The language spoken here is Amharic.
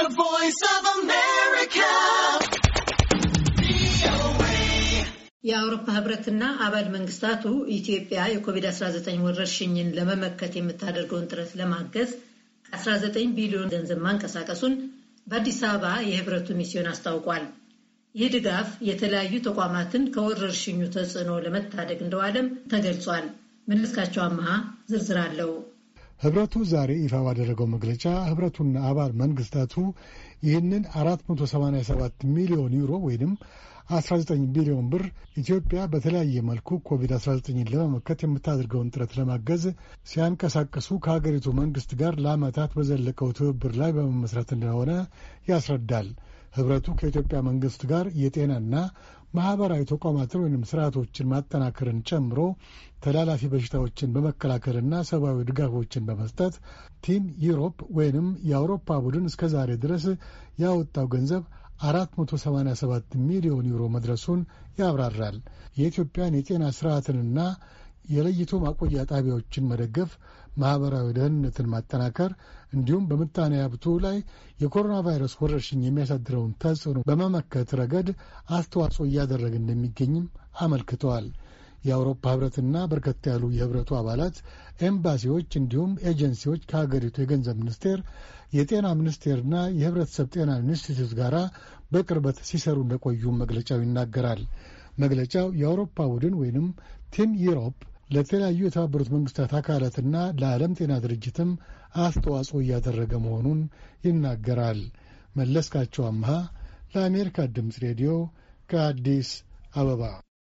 The Voice of America. የአውሮፓ ህብረትና አባል መንግስታቱ ኢትዮጵያ የኮቪድ-19 ወረርሽኝን ለመመከት የምታደርገውን ጥረት ለማገዝ ከ19 ቢሊዮን ገንዘብ ማንቀሳቀሱን በአዲስ አበባ የህብረቱ ሚስዮን አስታውቋል። ይህ ድጋፍ የተለያዩ ተቋማትን ከወረርሽኙ ተጽዕኖ ለመታደግ እንደዋለም ተገልጿል። መለስካቸው አመሃ ዝርዝር አለው። ህብረቱ ዛሬ ይፋ ባደረገው መግለጫ ህብረቱና አባል መንግስታቱ ይህንን 487 ሚሊዮን ዩሮ ወይም 19 ቢሊዮን ብር ኢትዮጵያ በተለያየ መልኩ ኮቪድ-19ን ለመመከት የምታደርገውን ጥረት ለማገዝ ሲያንቀሳቀሱ ከሀገሪቱ መንግስት ጋር ለዓመታት በዘለቀው ትብብር ላይ በመመስረት እንደሆነ ያስረዳል። ህብረቱ ከኢትዮጵያ መንግስት ጋር የጤናና ማኅበራዊ ተቋማትን ወይም ስርዓቶችን ማጠናከርን ጨምሮ ተላላፊ በሽታዎችን በመከላከልና ሰብአዊ ድጋፎችን በመስጠት ቲም ዩሮፕ ወይንም የአውሮፓ ቡድን እስከ ዛሬ ድረስ ያወጣው ገንዘብ 487 ሚሊዮን ዩሮ መድረሱን ያብራራል። የኢትዮጵያን የጤና ስርዓትንና የለይቶ ማቆያ ጣቢያዎችን መደገፍ፣ ማህበራዊ ደህንነትን ማጠናከር እንዲሁም በምጣኔ ሀብቱ ላይ የኮሮና ቫይረስ ወረርሽኝ የሚያሳድረውን ተጽዕኖ በመመከት ረገድ አስተዋጽኦ እያደረገ እንደሚገኝም አመልክተዋል። የአውሮፓ ህብረትና በርከት ያሉ የህብረቱ አባላት ኤምባሲዎች፣ እንዲሁም ኤጀንሲዎች ከሀገሪቱ የገንዘብ ሚኒስቴር፣ የጤና ሚኒስቴርና የህብረተሰብ ጤና ኢንስቲትዩት ጋር በቅርበት ሲሰሩ እንደቆዩ መግለጫው ይናገራል። መግለጫው የአውሮፓ ቡድን ወይንም ቲም ዩሮፕ ለተለያዩ የተባበሩት መንግስታት አካላትና ለዓለም ጤና ድርጅትም አስተዋጽኦ እያደረገ መሆኑን ይናገራል። መለስካቸው አምሃ ለአሜሪካ ድምፅ ሬዲዮ ከአዲስ አበባ